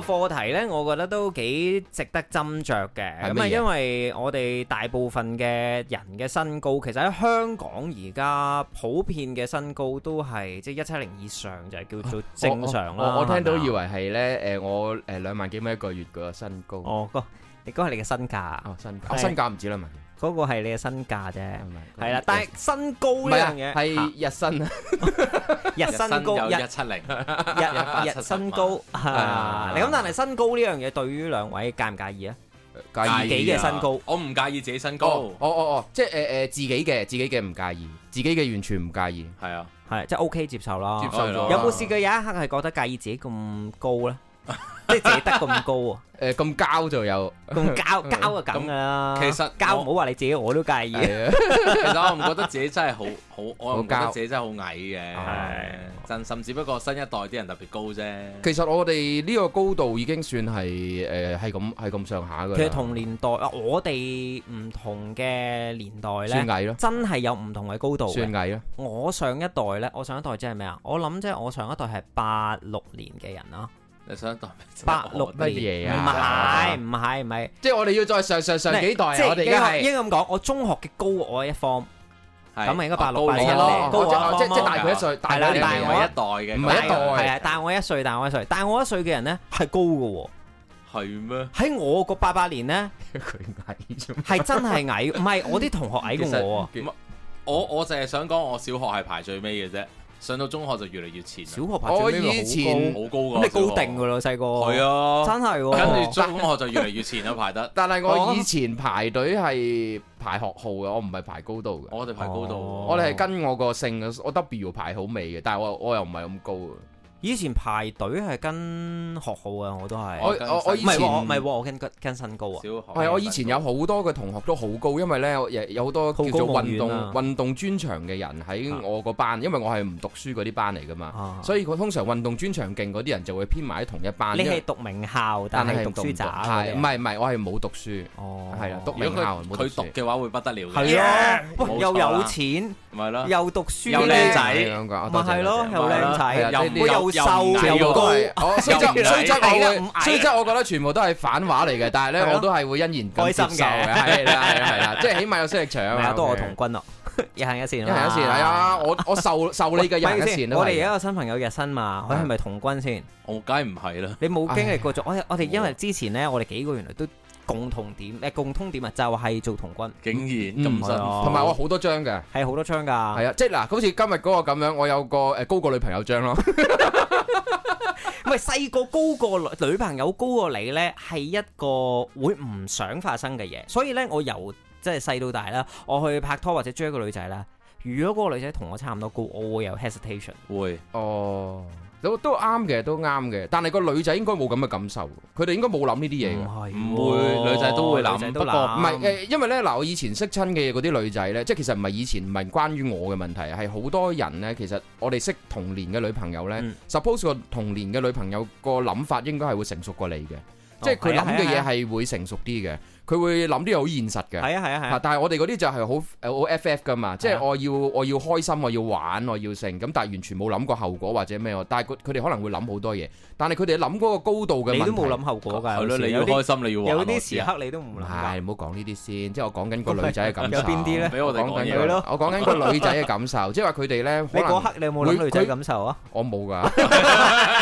個課題咧，我覺得都幾值得斟酌嘅。咁啊，因為我哋大部分嘅人嘅身高，其實喺香港而家普遍嘅身高都係即係一七零以上就係叫做正常啦。我我聽到以為係呢，誒、嗯、吧我誒兩萬幾蚊一個月個身高。哦，哥，你講係你嘅身價哦，身價是，啊，身價唔止啦嘛。嗰個係你嘅身價啫，係咪？係啦，但係身高呢樣嘢係日新，日新高一七零，日日日身高嚇。你咁但係身高呢樣嘢對於兩位介唔介意啊？介意自己嘅身高，我唔介意自己身高。哦哦哦，即係誒誒自己嘅，自己嘅唔介意，自己嘅完全唔介意，係啊，係即係 OK 接受囉。接受咗，有冇試過有一刻係覺得介意自己咁高咧？即係自己得咁高啊！誒，咁膠就有，咁膠膠啊，咁噶啦。其實膠唔好話你自己，我都介意。其實我唔覺得自己真係好好，我又覺得自己真係好矮嘅。甚甚至不過新一代啲人特別高啫。其實我哋呢個高度已經算係誒，係咁係咁上下嘅。其實同年代啊，我哋唔同嘅年代咧，算矮咯。真係有唔同嘅高度。算矮咯。我上一代咧，我上一代即係咩啊？我諗即係我上一代係八六年嘅人咯。你上一代八六乜嘢啊？唔係唔係唔係，即係我哋要再上上上幾代啊！我哋而家係應該咁講，我中學嘅高我一方，咁咪應該八六八七年，高我即係即係大佢一歲，大啦大我一代嘅，唔係一代係啊！大我一歲，大我一歲，大我一歲嘅人咧係高嘅喎，係咩？喺我個八八年咧，佢矮咗，係真係矮，唔係我啲同學矮過我啊！我我淨係想講，我小學係排最尾嘅啫。上到中學就越嚟越前，小學排我以前好高㗎，咩高定㗎咯，細個，係啊，真係、啊。跟住中學 就越嚟越前啦 排得，但係我以前排隊係排學號嘅，我唔係排高度嘅。我哋排高度，哦、我哋係跟我個姓，我 W 排好尾嘅，但係我我又唔係咁高啊。以前排隊係跟學號啊，我都係。我以前唔係我跟跟身高啊。係我以前有好多嘅同學都好高，因為咧有好多叫做運動運動專長嘅人喺我個班，因為我係唔讀書嗰啲班嚟噶嘛。所以佢通常運動專長勁嗰啲人就會編埋喺同一班。你係讀名校，但係讀書渣，係，唔係唔係？我係冇讀書。哦，係啊，讀名校，冇讀書。佢讀嘅話會不得了嘅。係咯，又有錢，咪咯，又讀書，又靚仔，咪咯，又靚仔，瘦又高，雖則雖則，我雖則，我覺得全部都係反話嚟嘅。但係咧，我都係會欣然接受嘅。係啦，係啦，即係起碼有身長啊，都我同軍咯。日行一線，日行一線係啊！我我受受你嘅人，我哋而家有新朋友日新嘛？佢係咪同軍先？我梗係唔係啦？你冇經歷過咗，我我哋因為之前咧，我哋幾個原來都，共同點咩共通點啊？就係做童軍，竟然咁、嗯、新，同埋我好多張嘅，係好多張噶。係啊，即係嗱，好似今日嗰個咁樣，我有個誒高過女朋友張咯。唔係細個高過女朋友高過你呢，係一個會唔想發生嘅嘢。所以呢，我由即係細到大啦，我去拍拖或者追一個女仔啦，如果嗰個女仔同我差唔多高，我會有 hesitation。會、呃、哦。都都啱嘅，都啱嘅。但係個女仔應該冇咁嘅感受，佢哋應該冇諗呢啲嘢。唔會，女仔都會諗。不過唔係不、呃、因為呢，嗱，我以前識親嘅嗰啲女仔呢，即係其實唔係以前，唔係關於我嘅問題，係好多人呢，其實我哋識同年嘅女朋友呢 suppose 個同年嘅女朋友個諗法應該係會成熟過你嘅，哦、即係佢諗嘅嘢係會成熟啲嘅。哦佢會諗啲嘢好現實嘅，係啊係啊係啊，但係我哋嗰啲就係好誒好 FF 噶嘛，即係我要我要開心，我要玩，我要成，咁但係完全冇諗過後果或者咩，但係佢佢哋可能會諗好多嘢，但係佢哋諗嗰個高度嘅問題，你都冇諗後果㗎，係咯，你要開心，你要玩，有啲時刻你都唔諗，係唔好講呢啲先。即係我講緊個女仔嘅感受，有邊啲咧？我講緊佢咯，我講緊個女仔嘅感受，即係話佢哋咧，你嗰刻你有冇諗女仔感受啊？我冇㗎，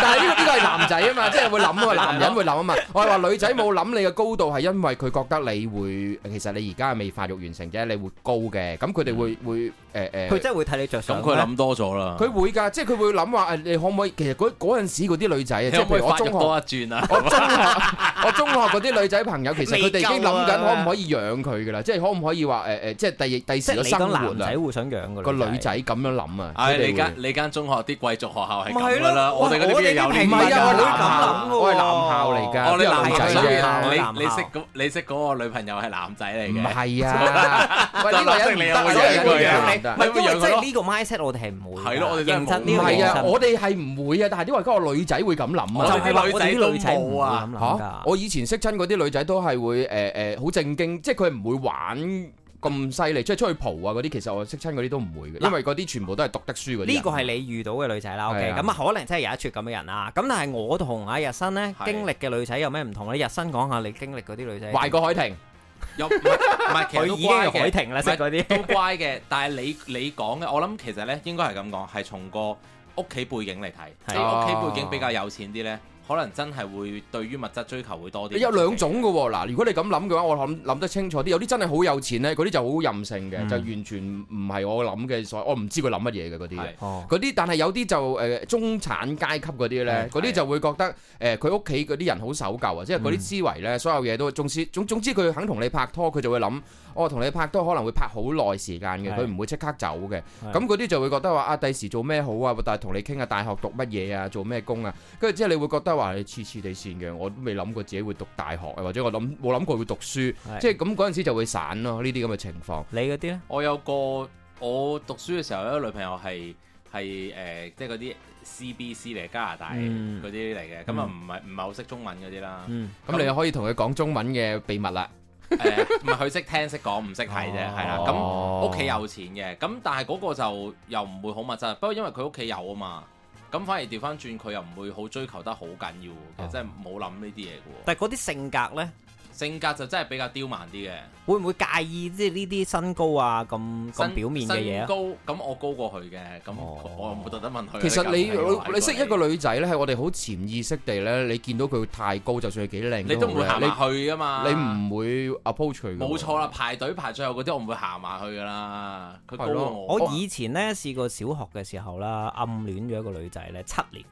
但係呢個呢個係男仔啊嘛，即係會諗啊，男人會諗啊嘛。我係話女仔冇諗你嘅高度係因為佢覺得。你會其實你而家未發育完成啫，你會高嘅，咁佢哋會會誒誒，佢真係會睇你著想。咁佢諗多咗啦，佢會㗎，即係佢會諗話誒，你可唔可以？其實嗰嗰陣時嗰啲女仔啊，即係譬如我中學一轉啊，我中學我中學嗰啲女仔朋友，其實佢哋已經諗緊可唔可以養佢㗎啦？即係可唔可以話誒誒？即係第第時個生活啊，會想養個女仔咁樣諗啊！唉，你間你間中學啲貴族學校係咁噶啦，我哋嗰啲邊有唔係啊？女咁諗喎，我係男校嚟㗎，我係男仔嘅，你你識嗰你識嗰。個女朋友係男仔嚟嘅，係啊，喂，呢個一定未有嘅，唔係因為即係呢個 mindset 我哋係唔會係咯，我哋就認真呢啊，我哋係唔會啊！但係因為嗰個女仔會咁諗啊？就係話女仔女仔唔會咁諗。我以前識親嗰啲女仔都係會誒誒好正經，即係佢唔會玩。咁犀利，即係出去蒲啊嗰啲，其實我識親嗰啲都唔會嘅，因為嗰啲全部都係讀得書嗰啲。呢個係你遇到嘅女仔啦，OK，咁啊的可能真係有一撮咁嘅人啦。咁但係我同阿日新咧的經歷嘅女仔有咩唔同咧？日新講下你經歷嗰啲女仔。壞過海婷？又唔係佢已經係海婷啦，識嗰啲都乖嘅。但係 你你講嘅，我諗其實咧應該係咁講，係從個屋企背景嚟睇，係屋企背景比較有錢啲咧。可能真係會對於物質追求會多啲。有兩種嘅喎、哦，嗱，如果你咁諗嘅話，我諗諗得清楚啲。有啲真係好有錢咧，嗰啲就好任性嘅，嗯、就完全唔係我諗嘅所，我唔知佢諗乜嘢嘅嗰啲。嗰啲是，但係有啲就誒、呃、中產階級嗰啲咧，嗰啲就會覺得誒佢屋企嗰啲人好守舊啊，即係嗰啲思維咧，所有嘢都總之總，總之佢肯同你拍拖，佢就會諗，我、哦、同你拍拖可能會拍好耐時間嘅，佢唔是會即刻走嘅。咁嗰啲就會覺得話啊，第時做咩好啊？但係同你傾下大學讀乜嘢啊，做咩工啊？跟住之後你會覺得。話你黐黐地線嘅，我都未諗過自己會讀大學，或者我諗冇諗過會讀書，是即係咁嗰陣時就會散咯。呢啲咁嘅情況，你嗰啲咧？我有個我讀書嘅時候，有一個女朋友係係誒，即係嗰啲 C B C 嚟，加拿大嗰啲嚟嘅，咁啊唔係唔係好識中文嗰啲啦。咁、嗯、你又可以同佢講中文嘅秘密啦。唔係佢識聽識講唔識睇啫，係啦。咁屋企有錢嘅，咁但係嗰個就又唔會好密實。不過因為佢屋企有啊嘛。咁反而調翻轉，佢又唔會好追求得好緊要，其實真係冇諗呢啲嘢喎。但係嗰啲性格呢？性格就真係比較刁蠻啲嘅，會唔會介意即係呢啲身高啊咁咁身表面嘅嘢高咁我高過佢嘅，咁、哦、我冇特登問佢。其實你你，你識一個女仔咧，係我哋好潛意識地咧，你見到佢太高，就算係幾靚，你都唔會行埋去啊嘛！你唔會 approach 佢。冇錯啦，排隊排最後嗰啲，我唔會行埋去噶啦。佢高過我。我以前咧試過小學嘅時候啦，暗戀咗一個女仔咧七年。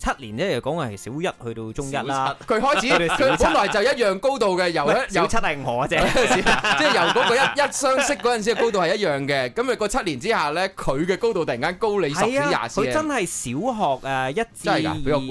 七年咧又講係小一去到中一啦，佢開始佢本來就一樣高度嘅，由由七係我啫，即係由嗰個一一相識嗰陣時嘅高度係一樣嘅。咁誒個七年之下咧，佢嘅高度突然間高你十指廿指嘅。佢真係小學誒一至二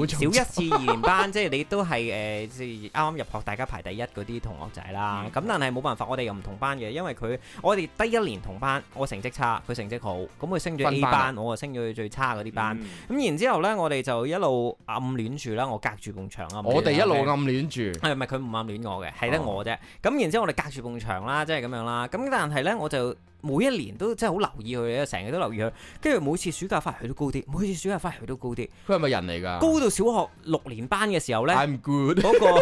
小一至二年班，即係你都係誒即係啱啱入學，大家排第一嗰啲同學仔啦。咁但係冇辦法，我哋又唔同班嘅，因為佢我哋低一年同班，我成績差，佢成績好，咁佢升咗 A 班，我就升咗最差嗰啲班。咁然之後咧，我哋就一路。暗戀住啦，我隔住埲牆啊！我哋一路暗戀住，係咪佢唔暗戀我嘅，係得我啫。咁然之後我哋隔住埲牆啦，即係咁樣啦。咁但係咧，我就。每一年都真係好留意佢，成日都留意佢。跟住每次暑假翻嚟佢都高啲，每次暑假翻嚟佢都高啲。佢係咪人嚟噶？高到小學六年班嘅時候咧，I'm good。嗰個，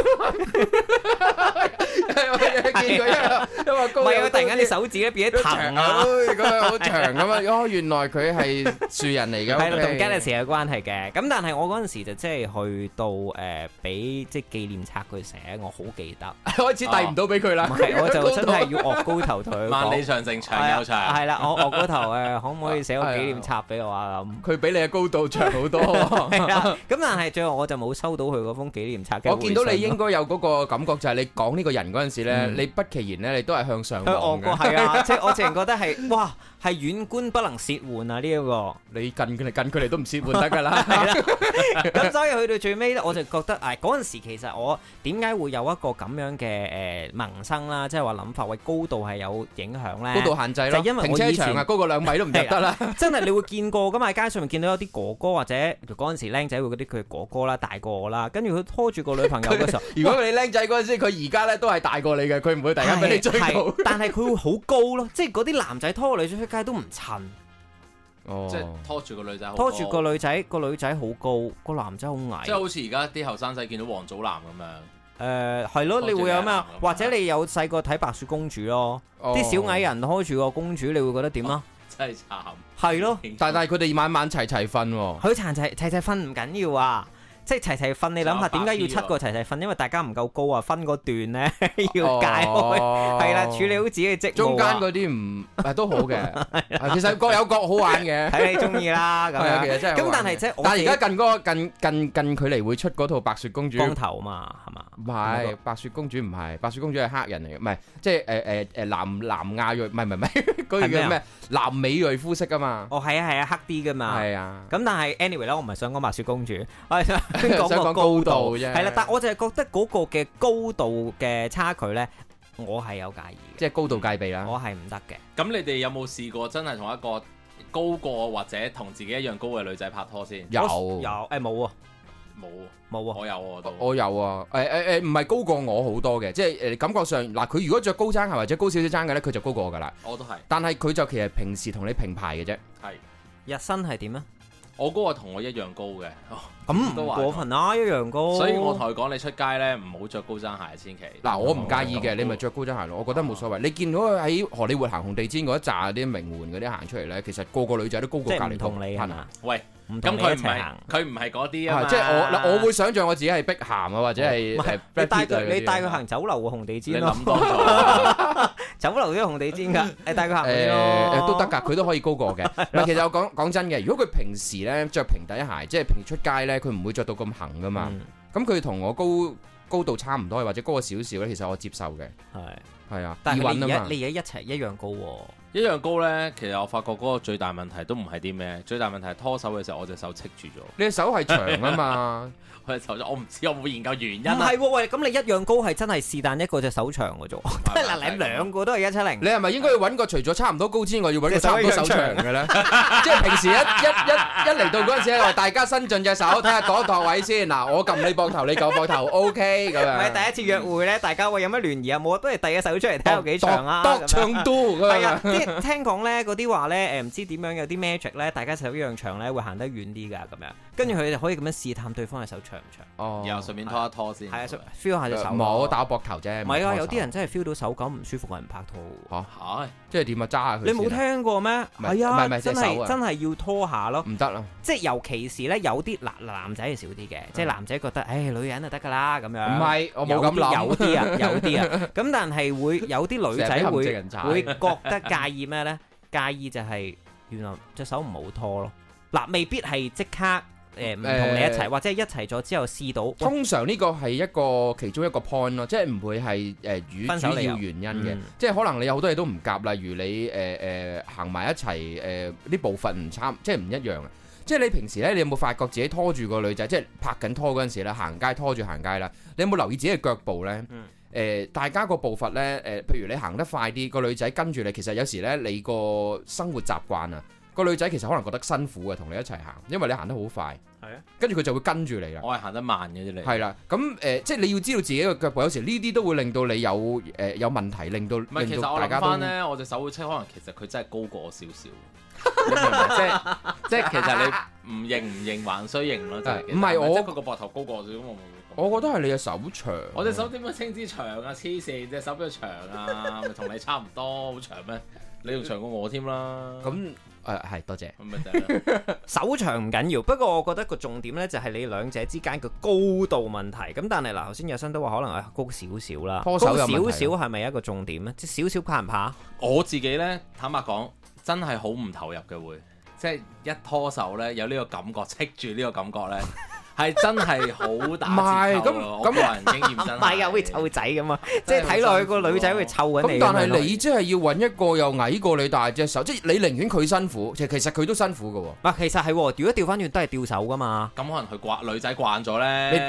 我有見過一個，因為高，唔係啊！突然間啲手指咧變咗長啊，咁樣好長咁啊！哦，原來佢係樹人嚟嘅，係咯，同 Galaxy 有關係嘅。咁但係我嗰陣時就即係去到誒，俾即係紀念冊佢寫，我好記得。開始遞唔到俾佢啦，係我就真係要惡高頭腿。萬里長城長。係啦， 我我嗰頭誒，呃、 可唔可以寫個紀念冊俾我啊？佢 比你嘅高度長好多， 係啦。咁但係最後我就冇收到佢嗰封紀念冊。 我見到你應該有嗰個感覺，就係你講呢個人嗰陣時咧， 你不其然咧，你都係向上望 我個係啊，即係我成覺得係哇。係遠觀不能褻玩啊！呢一個，你近距離近距離都唔褻玩得噶啦，係啦。咁所以去到最尾，我就覺得，誒嗰陣時其實我點解會有一個咁樣嘅誒萌生啦，即係話諗法，喂高度係有影響咧，高度限制咯。因為停車場啊，高過兩米都唔得啦。真係你會見過噶嘛？喺街上面見到有啲哥哥或者嗰陣時僆仔會嗰啲佢哥哥啦，大過我啦，跟住佢拖住個女朋友嘅時候。如果你僆仔嗰陣時，佢而家咧都係大過你嘅，佢唔會突然間俾你追到。但係佢會好高咯，即係嗰啲男仔拖個女出去。街都唔襯，即係、哦、拖住個女仔，拖住個女仔，個女仔好高，個男仔好矮，即係好似而家啲後生仔見到王祖藍咁樣。誒、呃，係咯，你會有咩？或者你有細個睇白雪公主咯？啲、哦、小矮人拖住個公主，你會覺得點啊？哦、真係慘，係咯了。但係佢哋晚晚齊齊瞓，好慘齊齊齊瞓唔緊要啊。即係齊齊瞓，你諗下點解要七個齊齊瞓？因為大家唔夠高啊，分嗰段咧要解開，係啦，處理好自己嘅職務。中間嗰啲唔都好嘅，其實各有各好玩嘅，睇你中意啦。咁樣其實真係。咁但係即但係而家近嗰個近近近距離會出嗰套白雪公主。光頭嘛，係嘛？唔係白雪公主唔係，白雪公主係黑人嚟嘅，唔係即係誒誒誒南南亞裔，唔係唔係唔係，佢嘅咩南美裔膚色噶嘛？哦係啊係啊，黑啲噶嘛？係啊。咁但係 anyway 啦，我唔係想講白雪公主，講 個高度啫，係啦，但我就係覺得嗰個嘅高度嘅差距咧，我係有介意，即係高度戒備啦，我係唔得嘅。咁你哋有冇試過真係同一個高過或者同自己一樣高嘅女仔拍拖先？有有誒，冇、欸、啊，冇冇有啊，我有我有啊，誒誒誒，唔係、啊欸欸、高過我好多嘅，即係誒、呃、感覺上嗱，佢如果着高踭鞋或者高少少踭嘅咧，佢就高過我噶啦。我都係，但係佢就其實平時同你平排嘅啫。係是日新係點咧？我嗰個，同我一樣高嘅，咁、哦、都唔過分啦、啊，一樣高。所以我同佢講：你出街咧唔好着高踭鞋千祈。嗱，我唔介意嘅，嗯、你咪着高踭鞋咯。我覺得冇所謂。啊、你見到佢喺荷里活行紅地毯嗰一紮啲名媛嗰啲行出嚟咧，其實個個女仔都高過隔離塔，係咪？喂！咁佢唔係佢唔係嗰啲啊，即係我嗱，我會想象我自己係碧咸啊，或者係你帶佢，你帶佢行酒樓嘅紅地氈咯，酒樓都有紅地氈噶，你帶佢行嚟誒都得噶，佢都可以高過我嘅。唔係，其實我講講真嘅，如果佢平時咧着平底鞋，即係平時出街咧，佢唔會着到咁行噶嘛。咁佢同我高高度差唔多，或者高咗少少咧，其實我接受嘅，係係啊。但係你而家你而家一齊一樣高。一樣高呢，其實我發覺嗰個最大問題都唔係啲咩，最大問題係拖手嘅時候我隻手戚住咗，你隻手係長啊嘛。 佢手長，我唔知有冇研究原因。唔係喎，喂，咁你一樣高係真係是但一個隻手長嘅啫。嗱，你兩個都係一七零，你係咪應該要揾個除咗差唔多高之外，要揾個手手長嘅咧？即係平時一一一一嚟到嗰陣時咧，話大家伸盡隻手，睇下攞攞位先。嗱，我撳你膊頭，你撳膊頭，OK 咁樣。係第一次約會咧，大家會有乜聯誼啊？冇，都係遞隻手出嚟睇下幾長啊。多長都咁樣。即係聽講咧，嗰啲話咧，誒唔知點樣有啲 magic 咧，大家手一樣長咧，會行得遠啲㗎。咁樣跟住佢哋可以咁樣試探對方嘅手長。哦，然後順便拖一拖先，係啊，feel 下隻手。冇打膊頭啫。唔係啊，有啲人真係 feel 到手感唔舒服，人拍拖。吓，即係點啊？揸下佢。你冇聽過咩？係啊，真係真係要拖下咯。唔得啦。即係尤其是咧，有啲男男仔係少啲嘅，即係男仔覺得，誒，女人就得噶啦咁樣。唔係，我冇咁諗。有啲啊，有啲啊，咁但係會，有啲女仔會會覺得介意咩咧？介意就係原來隻手唔好拖咯。嗱，未必係即刻。誒，唔同你一齊，或者一齊咗之後試到。通常呢個係一個其中一個 point 咯，即係唔會係誒主主要原因嘅。嗯、即係可能你有好多嘢都唔夾，例如你誒誒、呃呃、行埋一齊，誒啲步伐唔差，即係唔一樣啊！即係你平時咧，你有冇發覺自己拖住個女仔，即係拍緊拖嗰陣時咧，行街拖住行街啦？你有冇留意自己嘅腳步咧？誒、嗯呃，大家個步伐咧，誒，譬如你行得快啲，個女仔跟住你，其實有時咧，你個生活習慣啊。個女仔其實可能覺得辛苦嘅，同你一齊行，因為你行得好快。係啊，跟住佢就會跟住你啦。我係行得慢嘅啫，你係啦。咁誒，即係你要知道自己個腳步，有時呢啲都會令到你有誒有問題，令到唔係。其實我嚟講咧，我隻手會可能其實佢真係高過我少少。即係即係，其實你唔認唔認，還需認咯。真係唔係我，即係佢個膊頭高過我少少。我我覺得係你隻手長。我隻手點樣稱之長啊？黐線，隻手邊度長啊？咪同你差唔多，好長咩？你仲長過我添啦。咁。誒係、啊、多謝， 手長唔緊要，不過我覺得個重點呢就係你兩者之間個高度問題。咁但係嗱，頭先若生都話可能係高少少啦，高少少係咪一個重點咧？即係少少怕唔怕？我自己呢，坦白講，真係好唔投入嘅會，即係一拖手呢，有呢個感覺，戚住呢個感覺呢。 係真係好大唔係咁咁，唔係啊喂，湊仔咁啊，即係睇落去個女仔會湊緊你。咁但係你即係要揾一個又矮過你大隻手，即係你寧願佢辛苦，就其實佢都辛苦嘅。唔係，其實係調一調翻轉都係掉手㗎嘛。咁可能佢慣女仔慣咗咧。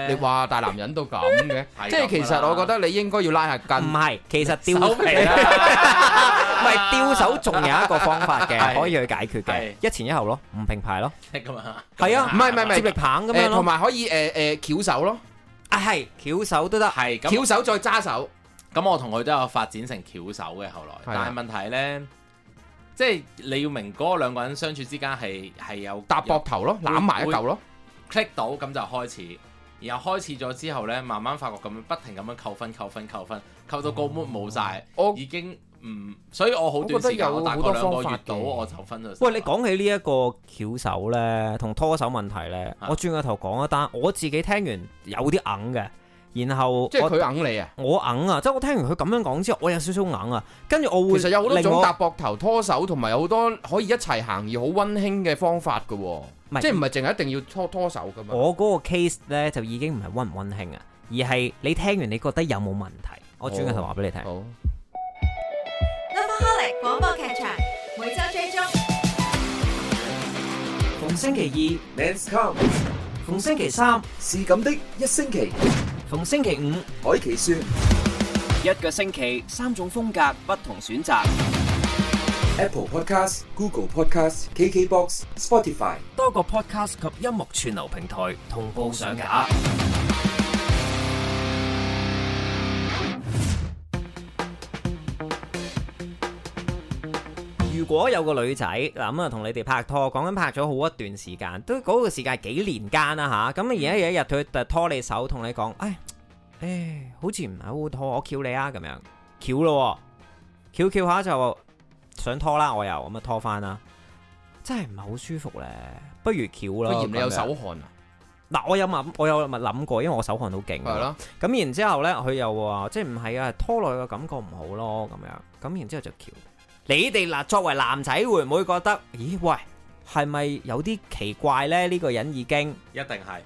你你話大男人都咁嘅，即係其實我覺得你應該要拉下筋。唔係，其實掉手唔係掉手，仲有一個方法嘅，可以去解決嘅，一前一後咯，唔並排咯，即係咁啊，係啊，唔係唔係接力棒咁樣咯，同埋。可以誒誒翹手咯，啊係翹手都得，係咁翹手再揸手，咁我同佢都有發展成翹手嘅後來，的但係問題咧，即係你要明嗰兩個人相處之間係係有搭膊頭咯，攬埋一舊咯，click 到咁就開始。然後開始咗之後呢，慢慢發覺咁樣不停咁樣扣分、扣分、扣分，扣到個 mood 冇晒。我、嗯、已經唔、嗯，所以我好多時候，大概兩個月到我就分咗。喂，你講起呢一個翹手呢，同拖手問題呢，是的 我轉個頭講一單，我自己聽完有啲揞嘅，然後即係佢揞你硬啊，我揞啊，即係我聽完佢咁樣講之後，我有少少揞啊，跟住我會其實有好多種搭膊頭拖手，同埋好多可以一齊行而好溫馨嘅方法㗎、哦。唔係，即係唔係淨係一定要拖拖手噶嘛？我嗰個 case 咧就已經唔係温唔温馨啊，而係你聽完你覺得有冇問題？我轉個頭話俾你聽。Lovaholic 廣播劇場每周追蹤，哦、逢星期二 Men's Come，逢星期三是咁 的一星期，逢星期五 海奇說 一個星期，三種風格，不同選擇。Apple Podcast、Google Podcast K K Box、KKBox、Spotify 多個 Podcast 及音樂串流平台同步上架。如果有個女仔嗱，咁、嗯、啊，同你哋拍拖，講緊拍咗好一段時間，都嗰個時間係幾年間啦吓。咁而家有一日佢就拖你手，同你講：，唉、哎，哎，好似唔係好拖，我翹你啊，咁樣翹咯，翹翹、哦、下就。想拖啦，我又咁樣拖翻啦，真係唔係好舒服咧，不如翹啦。業樣你有手汗啊？嗱，我有諗，我有咪諗過，因為我手汗好勁。係咯是的。咁然之後咧，佢又話即係唔係啊？拖落去嘅感覺唔好咯，咁樣。咁然之後就翹。你哋嗱作為男仔會唔會覺得？咦喂，係咪有啲奇怪咧？呢、這個人已經一定係。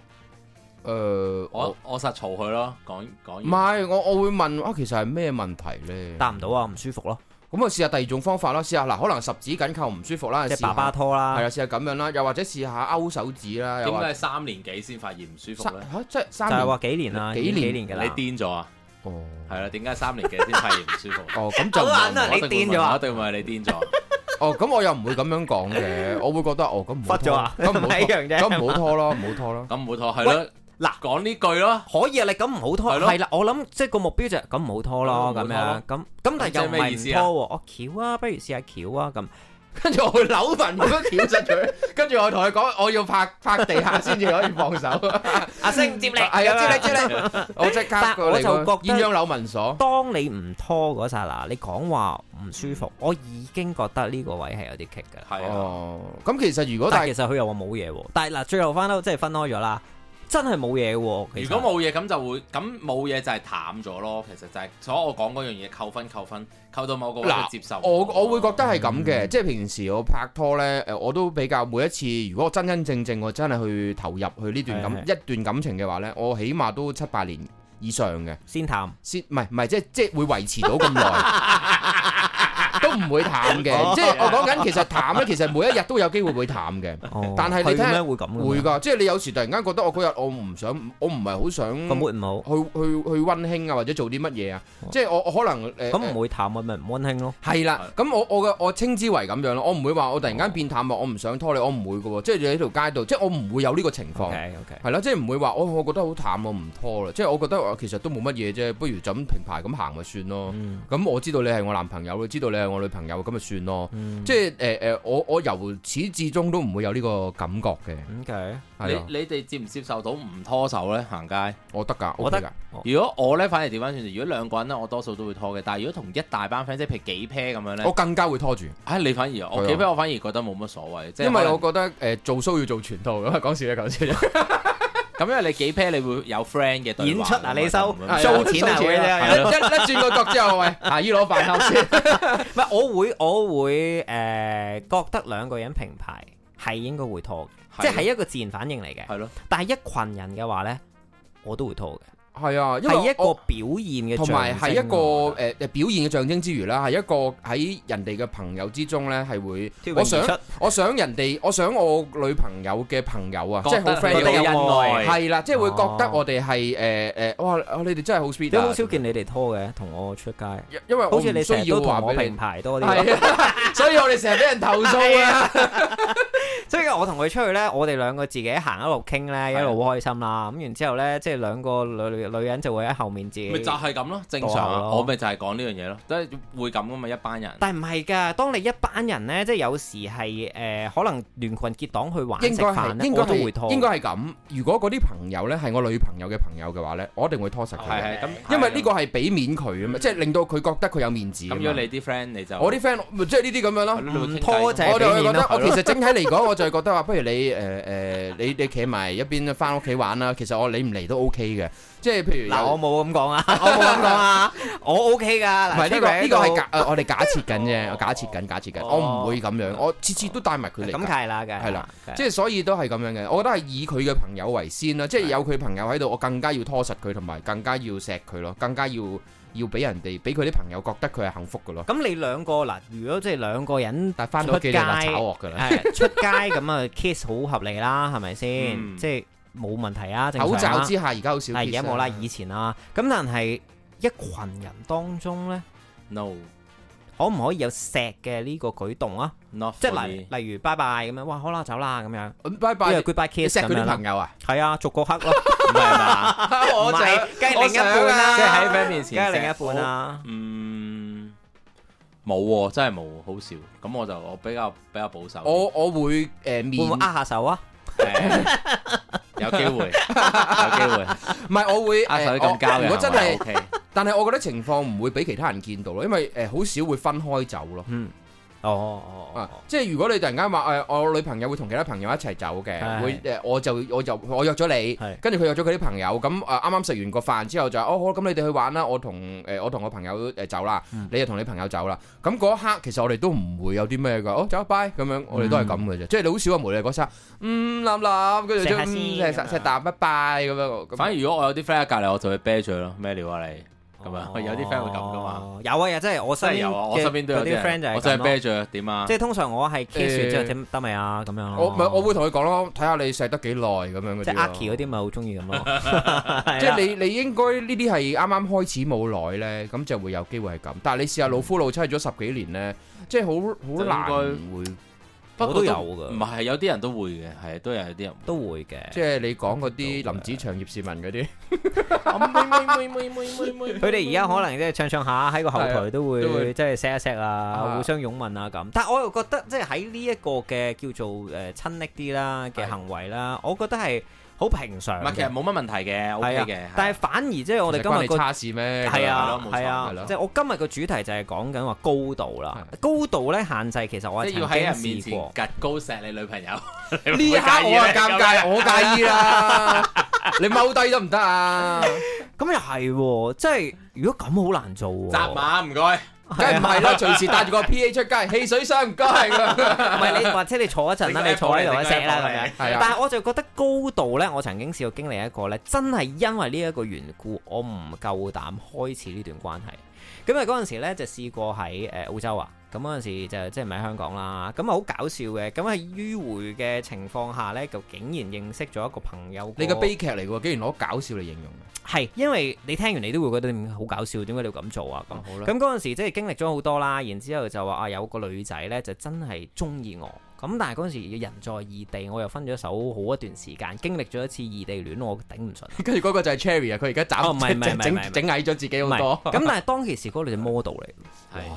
誒，我我實嘈佢咯，講，講完唔係我我會問啊，其實係咩問題咧？答唔到啊，唔舒服咯。咁啊，試下第二種方法咯，試下嗱，可能十指緊扣唔舒服啦，即係爸爸拖啦，係啊，試下咁樣啦，又或者試下勾手指啦。點解三年幾先發現唔舒服咧？吓，即係三年就係話幾年啦，幾年幾年噶啦。你癲咗啊？哦，係啦，點解三年幾先發現唔舒服？哦，咁就肯定唔係你癲咗啊！肯定唔係你癲咗。哦，咁我又唔會咁樣講嘅，我會覺得哦，咁唔好拖啊，咁唔係一樣啫，咁唔好拖咯，唔好拖咯，咁唔好拖係咯。嗱，講呢句咯，可以啊，你咁唔好拖咯，係啦，我諗即係個目標就係咁唔好拖咯，咁樣咁咁，但係又唔係拖喎，我撬啊，不如試下撬啊，咁跟住我扭紋咁樣撬實佢，跟住我同佢講，我要拍拍地下先至可以放手。阿星接你，係啊，接你，接你，我即刻。我就覺得，當你唔拖嗰剎那，你講話唔舒服，我已經覺得呢個位係有啲棘嘅。係啊，咁其實如果但係其實佢又話冇嘢喎，但係嗱，最後翻都即係分開咗啦。真係冇嘢喎！如果冇嘢，咁就會，咁冇嘢就係淡咗咯。其實就係、是、所以我講嗰樣嘢，扣分扣分，扣到某個位接受。我我會覺得係咁嘅，哦、即係平時我拍拖呢，誒我都比較每一次，如果真真正正我真係去投入去呢段感是是一段感情嘅話呢，我起碼都七八年以上嘅。先談先唔係唔係，即係即係會維持到咁耐。 唔會淡嘅，即係我講緊其實淡咧，其實每一日都有機會會淡嘅。哦、但係你聽下，會㗎，即係你有時突然間覺得我嗰日我唔想，我唔係好想去好去去溫馨啊，或者做啲乜嘢啊？即係我可能誒咁唔會淡咪咪唔溫馨咯。係啦，咁我我嘅我稱之為咁樣咯，我唔會話我突然間變淡話我唔想拖你，我唔會嘅喎。即係你喺條街度，即係我唔會有呢個情況。OK OK，係啦，即係唔會話我我覺得好淡我唔拖啦。即係我覺得我其實都冇乜嘢啫，不如排就咁平排咁行咪算咯。咁、嗯、我知道你係我男朋友，知道你係我。女朋友咁咪算咯，嗯、即係誒誒，我我由始至終都唔會有呢個感覺嘅。嗯、o、okay。點解？你你哋接唔接受到唔拖手咧行街？我得噶我得噶。如果我咧，反而調翻轉，如果兩個人咧，我多數都會拖嘅。但係如果同一大班 friend，即係譬如幾 pair 咁樣咧，我更加會拖住。啊，你反而的我幾 pair 我反而覺得冇乜所謂。即因為我覺得誒能、呃，做 show 要做全套。咁啊，講笑啦，講笑咁因為你幾 pair 你會有 friend 嘅演出嗱、啊，你收做的錢啊，一一轉個角之後， 喂，阿姨攞飯頭先 ，唔係我會我會誒、呃、覺得兩個人平排係應該會拖對了 即係一個自然反應嚟嘅，係咯。但係一群人嘅話咧，我都會拖嘅。係啊，因為一個表現嘅同埋係一個誒誒、呃、表現嘅象徵之餘啦，係一個喺人哋嘅朋友之中咧係會我，我想我想人哋，我想我女朋友嘅朋友啊，得即係好 friend 嘅人愛，係、嗯嗯、啦，即、就、係、是、會覺得我哋係誒誒，哇，你哋真係好 sweet 啊！S 好少見你哋拖嘅，同我出街，因為好似你需要話你成日都同我名牌多啲，係 所以我哋成日俾人投訴啊。 所以我同佢出去咧，我哋兩個自己行一路傾咧，一路好開心啦。咁然之後咧，即係兩個女女人就會喺後面自己咪就係咁咯，正常。我咪就係講呢樣嘢咯，即係會咁噶嘛，一班人。但唔係㗎，當你一班人咧，即係有時係誒，可能聯群結黨去玩，應該應該都會拖。應該係咁。如果嗰啲朋友咧係我女朋友嘅朋友嘅話咧，我一定會拖實佢。因為呢個係俾面佢啊嘛，即係令到佢覺得佢有面子。咁樣你啲 friend 你就我啲 friend，即係呢啲咁樣咯。拖就俾面咯。我其實整體嚟講，我。就覺得話不如你誒誒，你你企埋一邊翻屋企玩啦。其實我你唔嚟都 OK 嘅，即係譬如嗱，我冇咁講啊，我冇咁講啊，我 OK 㗎。唔係呢個呢個係假，我哋假設緊啫，我假設緊，假設緊。我唔會咁樣，我次次都帶埋佢嚟。咁係啦，係啦，即係所以都係咁樣嘅。我覺得係以佢嘅朋友為先啦，即係有佢嘅朋友喺度，我更加要拖實佢，同埋更加要錫佢咯，更加要。要俾人哋俾佢啲朋友覺得佢係幸福嘅咯，咁你兩個嗱，如果即係兩個人但返到屋企就出街，炒鑊㗎啦 出街咁啊 kiss 好合理啦，係咪先？嗯、即係冇問題啊，口罩之下而家好少，而家冇啦，啊、以前啦、啊。咁但係一群人當中咧，no。可唔可以有錫嘅呢個舉動啊？Not fully. 即係例例如拜拜咁樣，哇好啦走啦咁樣，拜拜，即 goodbye kiss 咁樣啦、啊。係樣 啊，逐個黑咯，唔係嘛？ 我計想另一半啦、啊，即係喺 friend 面前計另一半啦、啊。嗯，冇喎、啊，真係冇、啊，好笑。咁我就我比較比較保守我。我我會誒、呃、面握下手啊。 有機會，有機會，唔係 我會阿 Sir 咁真嘅。 但係我覺得情況唔會俾其他人見到咯，因為誒好、呃、少會分開走咯。嗯。哦哦、oh, oh, oh, oh. 即係如果你突然間話誒，我女朋友會同其他朋友一齊走嘅，hey, hey. 會誒、呃，我就我就我約咗你，跟住佢約咗佢啲朋友，咁誒，啱啱食完個飯之後就哦好，咁你哋去玩啦，我同誒、呃、我同我朋友誒走啦，mm. 你就同你朋友走啦。咁嗰一刻其實我哋都唔會有啲咩噶，哦，走拜咁樣，我哋都係咁嘅啫。Mm. 即係你好少話無理講三，嗯諗諗，跟住嗯，石石石拜拜咁樣。反而如果我有啲 friend 隔籬，我就，會我我就去啤住咯。咩料啊你？咁啊，哦、有啲 friend 會咁噶嘛？有啊，即係我身邊有。啲 friend 是就係我真係啤着，點啊？即係通常我係 keep 得咪啊？咁樣我唔係，哦，我會同佢講咯，睇下你錫得幾耐咁樣即係阿 k 嗰啲咪好中意咁咯。即係你你應該呢啲係啱啱開始冇耐咧，咁就會有機會有機會係咁。但係你試下老夫老妻咗十幾年咧，即係好好難會。我都有㗎，唔係有啲人都會嘅，係都有有啲人都會嘅，即係你講嗰啲林子祥、葉倩文嗰啲，佢哋而家可能即係唱唱下喺個後台都會即係錫一錫啊，互相擁吻啊咁。但係我又覺得即係喺呢一個嘅叫做誒親昵啲啦嘅行為啦，我覺得係。好平常，唔其實冇乜問題嘅，OK 嘅。但係反而即係我哋今日差事咩？係啊，係啊，即係我今日個主題就係講緊話高度啦。高度咧限制其實我係要喺人面前，高錫你女朋友，呢下我係尷尬，我介意啦。你踎低得唔得啊？咁又係，即係如果咁好難做。扎馬唔該。梗係唔係啦， 隨時帶住個 P.A. 出街， 汽水商街噶。唔係 你，或者你坐一陣啦，你坐喺度，你寫啦，係啊。但係我就覺得高度咧，我曾經試過經歷一個咧，真係因為呢一個緣故，我唔夠膽開始呢段關係。咁啊，嗰陣時咧就試過喺誒澳洲啊。咁嗰陣時就即係唔喺香港啦，咁啊好搞笑嘅，咁喺迂回嘅情況下呢，就竟然認識咗一個朋友。你個悲劇嚟喎，竟然攞搞笑嚟形容。係因為你聽完你都會覺得好搞笑，點解你要咁做啊？咁、嗯、好啦。咁嗰陣時即係經歷咗好多啦，然之後就話啊有個女仔呢，就真係中意我。咁但係嗰時人在異地，我又分咗手好一段時間，經歷咗一次異地戀，我頂唔順。跟住嗰個就係 Cherry 啊，佢而家整唔整矮咗自己好多。咁但係當其時嗰女係 model 嚟，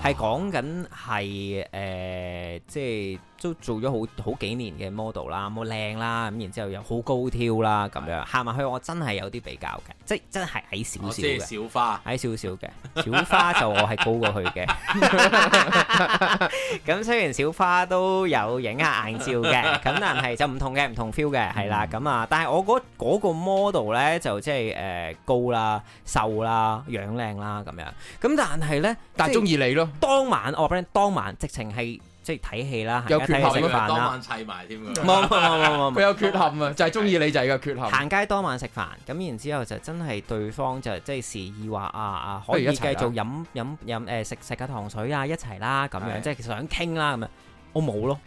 係講緊係誒，即係都做咗好好幾年嘅 model 啦，冇靚啦，咁然之後又好高挑啦，咁樣行埋去我真係有啲比較嘅，即係真係矮少少嘅，矮少少嘅小花就我係高過佢嘅。咁雖然小花都有影，硬照嘅，咁但係就唔同嘅，唔同 feel 嘅，係啦，咁啊，但係我嗰嗰個 model 咧就即係誒高啦、瘦啦、樣靚啦咁樣，咁但係咧，但係中意你咯。當晚我 friend 當晚直情係即係睇戲啦，有缺陷啊！當晚砌埋添啊！冇冇冇冇冇，佢有缺陷啊！就係中意你就係個缺陷。行街當晚食飯，咁然之後就真係對方就即係示意話啊啊，可以一繼續飲飲飲誒食食個糖水啊一齊啦咁樣，即係想傾啦咁樣，我冇咯。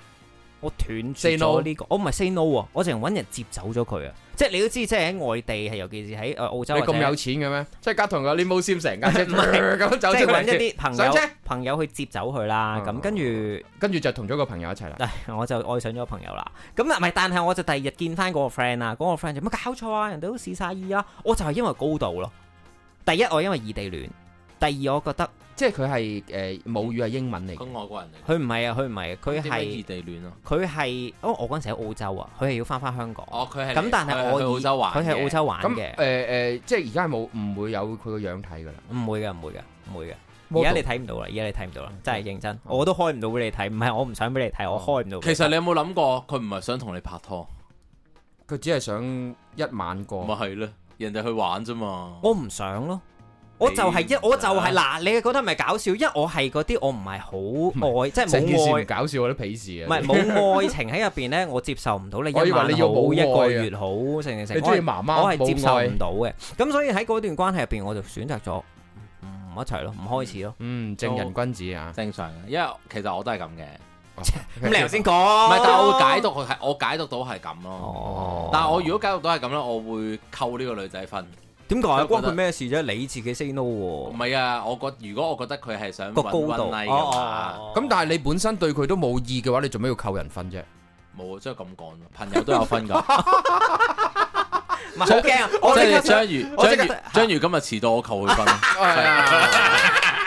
我斷絕咗呢個，我唔係 say no 啊，我淨係揾人接走咗佢啊，即係你都知，即係喺外地係，尤其是喺誒澳洲。你咁有錢嘅咩？即係家庭嘅力無錢成，即係唔係咁走即係揾一啲朋友朋友去接走佢啦，咁跟住跟住就同咗個朋友一齊啦。我就愛上咗朋友啦。咁啊，咪但係我就第二日見翻嗰個 friend 啊，嗰個 friend 做乜搞錯啊，人哋都試曬意啊，我就係因為高度咯。第一我因為異地戀，第二我覺得。即係佢係誒母語係英文嚟，佢外國人嚟。佢唔係啊，佢唔係啊，佢係異地戀咯。佢係，我我嗰陣時喺澳洲啊，佢係要翻翻香港。哦，佢係咁，但係我已去澳洲玩佢喺澳洲玩嘅。誒誒，即係而家係冇，唔會有佢個樣睇噶啦，唔會噶，唔會噶，唔會噶。而家你睇唔到啦，而家你睇唔到啦，真係認真，我都開唔到俾你睇。唔係我唔想俾你睇，我開唔到。其實你有冇諗過，佢唔係想同你拍拖，佢只係想一晚過。咪係咯，人哋去玩啫嘛。我唔想咯。我就係一，我就係嗱，你覺得係咪搞笑？因為我係嗰啲我唔係好愛，即係冇愛搞笑，我都鄙視啊！唔係冇愛情喺入邊咧，我接受唔到你。我以為你要冇愛啊！你中意媽媽冇愛。我係接受唔到嘅，咁所以喺嗰段關係入邊，我就選擇咗唔一齊咯，唔開始咯。嗯，正人君子啊，正常嘅，因為其實我都係咁嘅。咁你頭先講，唔係，但係我會解讀係，我解讀到係咁咯。但係我如果解讀到係咁咧，我會扣呢個女仔分。點講啊？關佢咩事啫？你自己 say no 喎。唔係啊，我覺如果我覺得佢係想個高度啊，咁但係你本身對佢都冇意嘅話，你做咩要扣人分啫？冇啊，即係咁講咯。朋友都有分㗎。唔係好驚。即係章魚，章魚，章魚今日遲到，我扣佢分。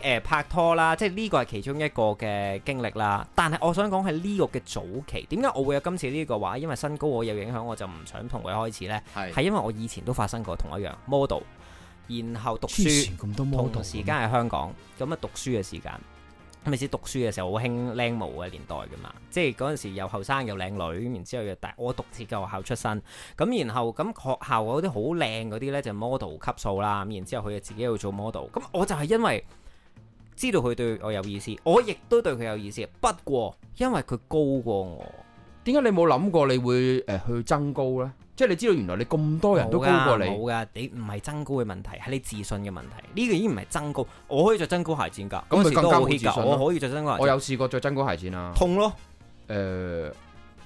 誒、呃，拍拖啦，即係呢個係其中一個嘅經歷啦。但係我想講係呢個嘅早期，點解我會有今次呢個話？因為身高我有影響，我就唔想同佢開始呢。係是，因為我以前都發生過同一樣 model，然後讀書，同時間係香港咁啊，嗯、讀書嘅時間，係咪先讀書嘅時候好興靚模嘅年代噶嘛，即係嗰陣時又後生又靚女，然之後又大。我讀私教學校出身，咁然後咁學校嗰啲好靚嗰啲呢，就 model、是、級數啦，然之後佢又自己去做 model，咁我就係因為。知道佢對我有意思，我亦都對佢有意思。不過因為佢高過我，點解你冇諗過你會誒、呃、去增高呢？即係你知道原來你咁多人都高過你，冇噶，你唔係增高嘅問題，係你自信嘅問題。呢、呢個已經唔係增高，我可以着增高鞋墊㗎，咁咪更加好自信咯，我可以着增高鞋墊，我有試過着增高鞋墊啊，痛咯，誒、呃。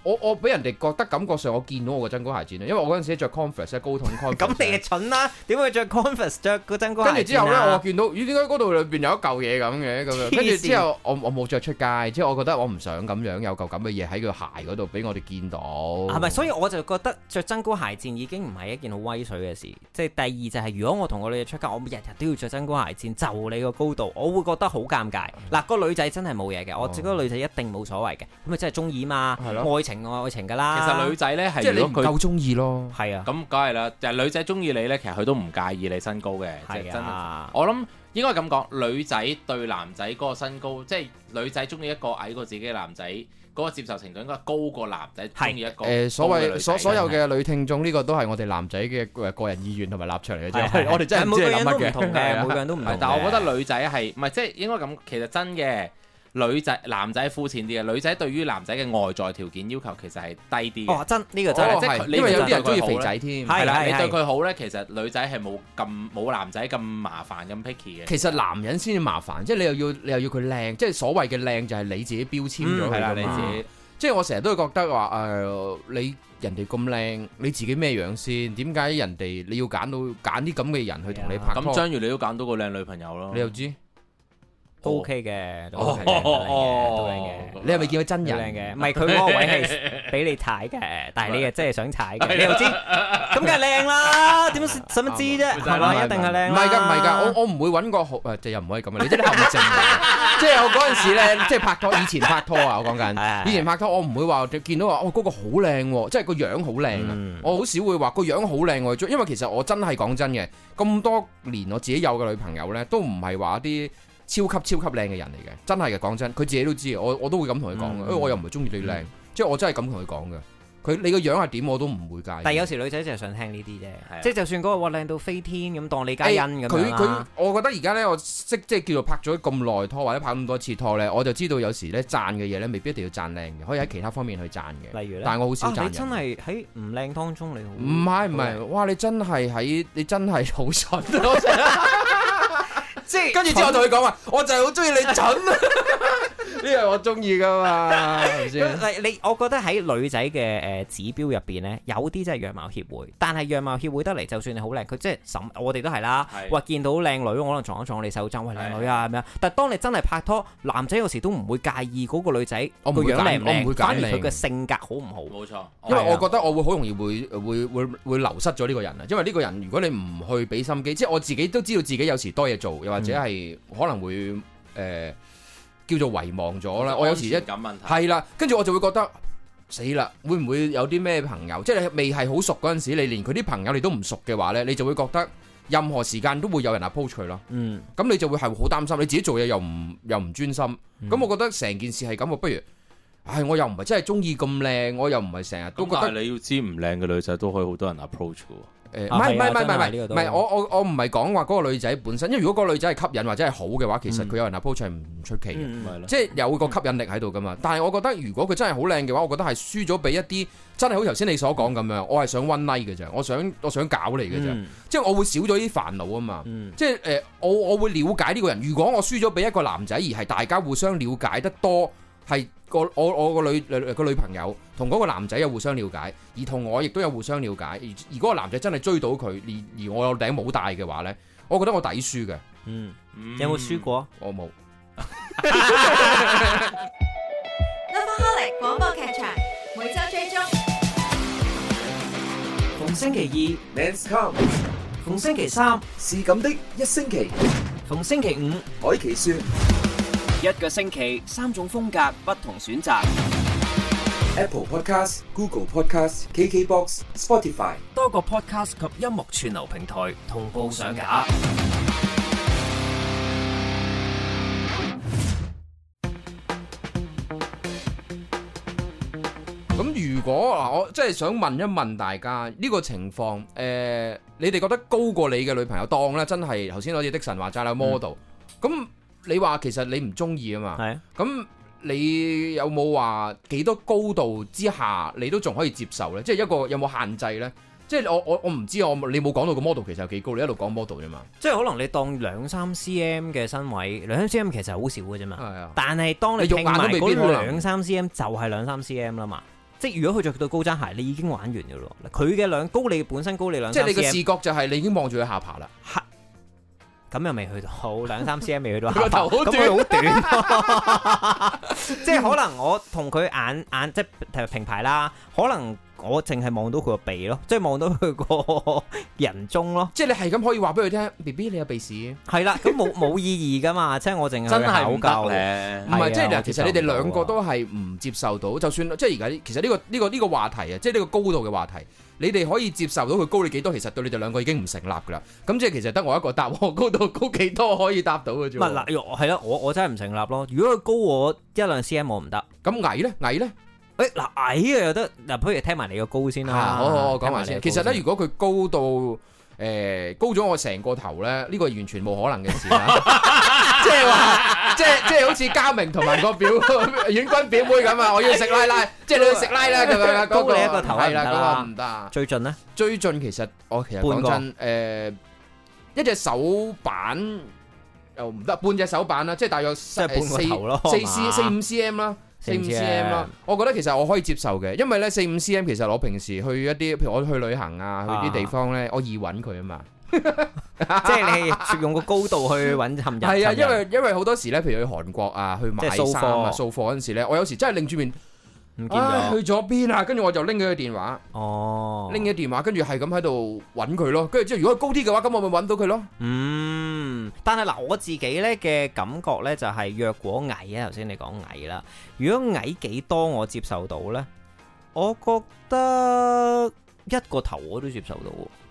我我俾人哋覺得感覺上，我見到我個增高鞋墊，因為我嗰陣時著 Converse 高筒 Converse，咁你係蠢啦，點會着 Converse 著增高鞋墊，跟住之後咧，我見到咦，點解嗰度裏邊有一嚿嘢咁嘅咁樣？跟住之後我後，之後我冇着出街，即係我覺得我唔想咁樣有嚿咁嘅嘢喺個鞋嗰度俾我哋見到。係咪、 啊？所以我就覺得着增高鞋墊已經唔係一件好威水嘅事。即係第二就係，如果我同個女仔出街，我日日都要着增高鞋墊，就你個高度，我會覺得好尷尬。嗱、嗰個女仔真係冇嘢嘅，我嗰、哦嗰個女仔一定冇所謂嘅。咁咪真係中意嘛？的愛情。愛情噶啦，其實女仔咧係，如果佢唔夠中意咯，係啊，咁梗係啦。其實女仔中意你咧，其實佢都唔介意你身高嘅，係啊。真我諗應該咁講，女仔對男仔嗰個身高，即、就、係、是、女仔中意一個矮過自己嘅男仔，嗰、那個接受程度應該高過男仔中意一個。誒、呃，所謂所所有嘅女聽眾，呢個都係我哋男仔嘅個人意願同埋立場嚟嘅啫，啊、 我哋真係冇、啊、個人都唔同嘅， 每個人都唔同。但係我覺得女仔係唔係即係應該咁，其實真嘅。女仔男仔膚淺啲嘅，女仔對於男仔嘅外在條件要求其實係低啲。哦，真，呢個真，即係因為有啲人中意肥仔添。係啦，你對佢好咧，其實女仔係冇咁冇男仔咁麻煩咁 picky 嘅。其實男人先至麻煩，即係你又要你又要佢靚，即係所謂嘅靚就係你自己標籤咗，係啦，你自己。即係我成日都會覺得話誒，你人哋咁靚，你自己咩樣先？點解人哋你要揀到揀啲咁嘅人去同你拍拖？咁章魚你都揀到個靚女朋友咯，你又知？O K 嘅，O K 嘅，O K 嘅。你係咪見到真人靚嘅？唔係佢嗰個位係俾你踩嘅，但係你又真係想踩嘅，你又知，咁梗係靚啦。點樣使乜知啫？係一定係靚。唔係噶，唔係噶，我我唔會搵個好誒，即係又唔可以咁嘅。你真係好正。即係我嗰陣時咧，即係拍拖，以前拍拖啊，我講緊，以前拍拖，我唔會話見到話，哦，嗰個好靚，即係個樣好靚啊。我好少會話個樣好靚去追，因為其實我真係講真嘅，咁多年我自己有嘅女朋友咧，都唔係話一啲。超級超級靚嘅人嚟嘅，真係嘅，講真，佢自己都知，我我都會咁同佢講，因為我又唔係中意你靚，即係我真係咁同佢講嘅。佢你個樣係點我都唔會介意。但有時女仔就係想聽呢啲啫，即係就算嗰個話靚到飛天咁，當李嘉欣咁。佢佢，我覺得而家咧，我即即係叫做拍咗咁耐拖或者拍咁多次拖咧，我就知道有時咧讚嘅嘢咧，未必一定要讚靚嘅，可以喺其他方面去讚嘅。例如咧，但係我好少讚人。你真係喺唔靚當中，你好。唔係，唔係，哇！你真係喺你真係好蠢。跟住之後，我同佢講話，我就係好中意你蠢啊。啊 呢個 我中意㗎嘛？係咪先？你， 我覺得喺女仔嘅誒指標入邊咧，有啲真係樣貌協會。但係樣貌協會得嚟，就算你好靚，佢即係審我哋都係啦。話是見到靚女，可能撞一撞你手踭，喂靚女啊！咩是？但係當你真係拍拖，男仔有時都唔會介意嗰個女仔我唔會介意。反而佢嘅亮性格好唔好？冇錯，因為我覺得我會好容易會會會會流失咗呢個人啊。因為呢個人如果你唔去俾心機，即係我自己都知道自己有時多嘢做，又或者係可能會誒。呃嗯叫做遺忘咗啦，我有時一係啦，跟住我就會覺得死啦，會唔會有啲咩朋友？即係未係好熟嗰陣時，你連佢啲朋友你都唔熟嘅話呢，你就會覺得任何時間都會有人 approach 佢囉。嗯，咁你就會係好擔心，你自己做嘢又唔又唔專心。咁我覺得成件事係咁，不如唉，我又唔係真係鍾意咁靚，我又唔係成日都覺得，但係你要知唔靚嘅女仔都可以好多人 approach 喎。誒，唔係唔係唔係唔係唔係，我我我唔係講話嗰個女仔本身，因為如果嗰個女仔係吸引或者係好嘅話，其實佢有人 approach 係唔出奇嘅，即係、嗯、有個吸引力喺度噶嘛。嗯、但係我覺得如果佢真係好靚嘅話，我覺得係輸咗俾一啲真係好似頭先你所講咁樣，我係想 one night 嘅啫，我想我想搞你嘅啫，即係、嗯、我會少咗啲煩惱啊嘛，即係誒，我我會了解呢個人。如果我輸咗俾一個男仔，而係大家互相了解得多，係個我我個女個女，女朋友同嗰個男仔有互相了解，而同我亦都有互相了解。而而嗰個男仔真係追到佢，而而我有頂帽戴嘅話咧，我覺得我抵輸嘅。嗯，有冇輸過？我冇。廣 ah、播劇場每周追蹤，逢星期二 Men's Come，逢星期三是咁的一星期，逢星期五海奇說。一個星期三種風格，不同選擇。Apple Podcast、Google Podcast、KKBox、Spotify 多個 Podcast 及音樂串流平台同步上架。咁如果我真係想問一問大家呢個情況，誒、呃，你哋覺得高過你嘅女朋友當咧？真係頭先好似迪神話、齋啦 model 咁。嗯你話其實你唔中意啊嘛，咁、啊、你有冇話幾多高度之下你都仲可以接受咧？即係一個有冇限制咧？即係我我我唔知我你冇講到個 model 其實有幾高，你一路講 model 啫嘛。即係可能你當兩三 cm 嘅身位，兩三 cm 其實好少嘅啫嘛。但係當你用眼都未見兩三 cm 就係兩三 cm 啦嘛。即係如果佢著到高踭鞋，你已經玩完嘅咯。佢嘅兩高，你本身高你兩三 cm，即係你嘅視覺就係你已經望住佢下巴啦。咁又未去到，好，兩三 CM 未去到，個 頭好短，短， 即係可能我同佢眼眼即係平排啦。可能我淨係望到佢個鼻咯，即係望到佢個人中咯。即係你係咁可以話俾佢聽，B B 你有、啊、鼻屎。係啦， 咁冇冇意義噶嘛？即係我淨係真係好得咧。唔係 是即係是 其實你哋兩個都係唔接受到，就算即係而家其實呢、呢個呢個呢個話題啊，即係呢個高度嘅話題。你哋可以接受到佢高你幾多？其實對你哋兩個已經唔成立噶啦。咁即係其實得我一個答，我高到高幾多可以答到嘅啫。唔係係咯，我我真係唔成立咯。如果佢高我一兩 CM，我唔得。咁矮咧？矮咧？誒嗱、欸，矮啊又得嗱，不如聽埋你個高先啦、啊。好好講埋先。其實咧，如果佢高到～誒、欸，高咗我成個頭咧，呢個完全冇可能嘅事啦，即係話，即係即係好似家明同埋個表婉 君表妹咁啊，我要食奶奶，即係 你要食奶啦咁樣啦，高你一個頭啦，咁啊唔得。那個、最近呢，最近其實我其實講真個，誒、呃，一隻手板又唔得，半隻手板啦，即係大約4，即係半個頭咯，四 C 四五 C, C M 啦。四五 cm 咯，4, M, 我覺得其實我可以接受嘅，因為咧四五 cm 其實我平時去一啲，譬如我去旅行啊，去啲地方咧，啊、我易揾佢啊嘛，啊 即係你用個高度去揾冚人。係啊，因為因為好多時咧，譬如去韓國啊，去買衫啊，掃貨嗰陣時咧，我有時真係擰住面。唔見、哎，去咗邊啊？跟住我就拎佢嘅電話，哦，拎佢嘅電話，跟住係咁喺度揾佢咯。跟住之後，如果高啲嘅話，咁我咪揾到佢咯。嗯，但係嗱，我自己咧嘅感覺咧就係若果矮啊，頭先你講矮啦，如果矮幾多，多，我接受到咧，我覺得一個頭我都接受到。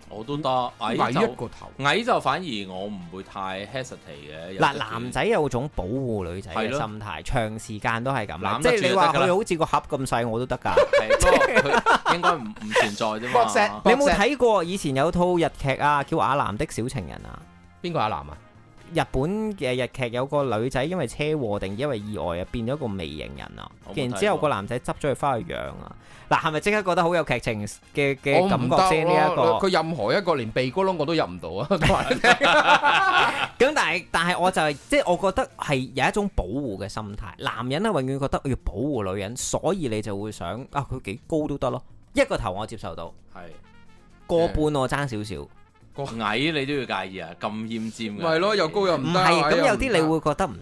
我都得矮一個頭，矮就反而我唔會太 hesitate 嘅。嗱，男仔有種保護女仔嘅心態，的長時間都係咁啦。得即係你話佢好似個盒咁細，我都得噶。 該不過應該唔唔存在啫嘛。你有冇睇過以前有套日劇啊？叫《阿南的小情人》啊？邊個阿南啊？日本嘅日劇有個女仔因為車禍定因為意外啊變咗個微型人啊，然之後個男仔執咗佢翻去養啊，嗱係咪即刻覺得好有劇情嘅嘅感覺先呢一個？佢任何一個連鼻哥窿我都入唔到啊！咁但係但係我就 即係我覺得係有一種保護嘅心態，男人咧永遠覺得要保護女人，所以你就會想啊佢幾高，高都得咯，一個頭我接受到，係過半我爭少少。矮你都要介意啊？咁尖尖嘅，咪係咯，又高又唔啱。唔係咁，有啲你會覺得唔